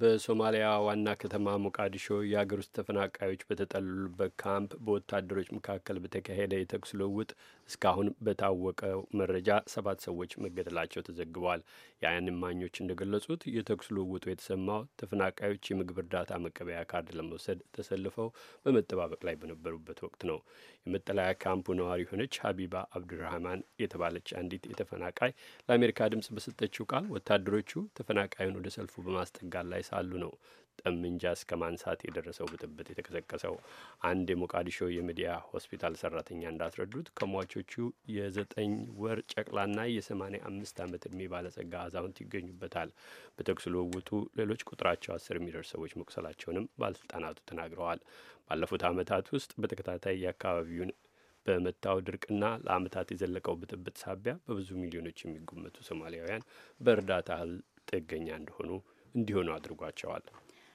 በሶማሊያ ዋና ከተማ ሞቃዲሾ የአገር ውስጥ ተፈናቃዮች በተጠለሉበት ካምፕ በወታደሮች መካከል በተካሄደ የተኩስ ልውውጥ እስካሁን በታወቀው መረጃ ሰባት ሰዎች መገደላቸው ተዘግበዋል። የዓይን እማኞች እንደገለጹት የተኩስ ልውውጡ የተሰማው ተፈናቃዮች የምግብ እርዳታ መቀበያ ካርድ ለመውሰድ ተሰልፈው በመጠባበቅ ላይ በነበሩበት ወቅት ነው። የመጠለያ ካምፑ ነዋሪ የሆነች ሀቢባ አብዱራህማን የተባለች አንዲት የተፈናቃይ ለአሜሪካ ድምጽ በሰጠችው ቃል ወታደሮቹ ተፈናቃዩን ወደ ሰልፉ በማስጠጋት ላይ ሳሉ ነው ጠመንጃ እስከ ማንሳት የደረሰው ብጥብጥ የተቀሰቀሰው አንድ የሞቃዲሾ የሚዲያ ሆስፒታል ሰራተኛ እንዳስረዱት ከሟቾቹ የዘጠኝ ወር ጨቅላና የሰማኒያ አምስት ዓመት ዕድሜ ባለጸጋ አዛውንት ይገኙበታል። በተኩስ ልውውጡ ሌሎች ቁጥራቸው አስር የሚደርስ ሰዎች መቁሰላቸውንም ባለስልጣናቱ ተናግረዋል። ባለፉት ዓመታት ውስጥ በተከታታይ የአካባቢውን በመታው ድርቅና ለዓመታት የዘለቀው ብጥብጥ ሳቢያ በብዙ ሚሊዮኖች የሚጎመቱ ሶማሊያውያን በእርዳታ እህል ጥገኛ እንደሆኑ እንዲሆኑ አድርጓቸዋል።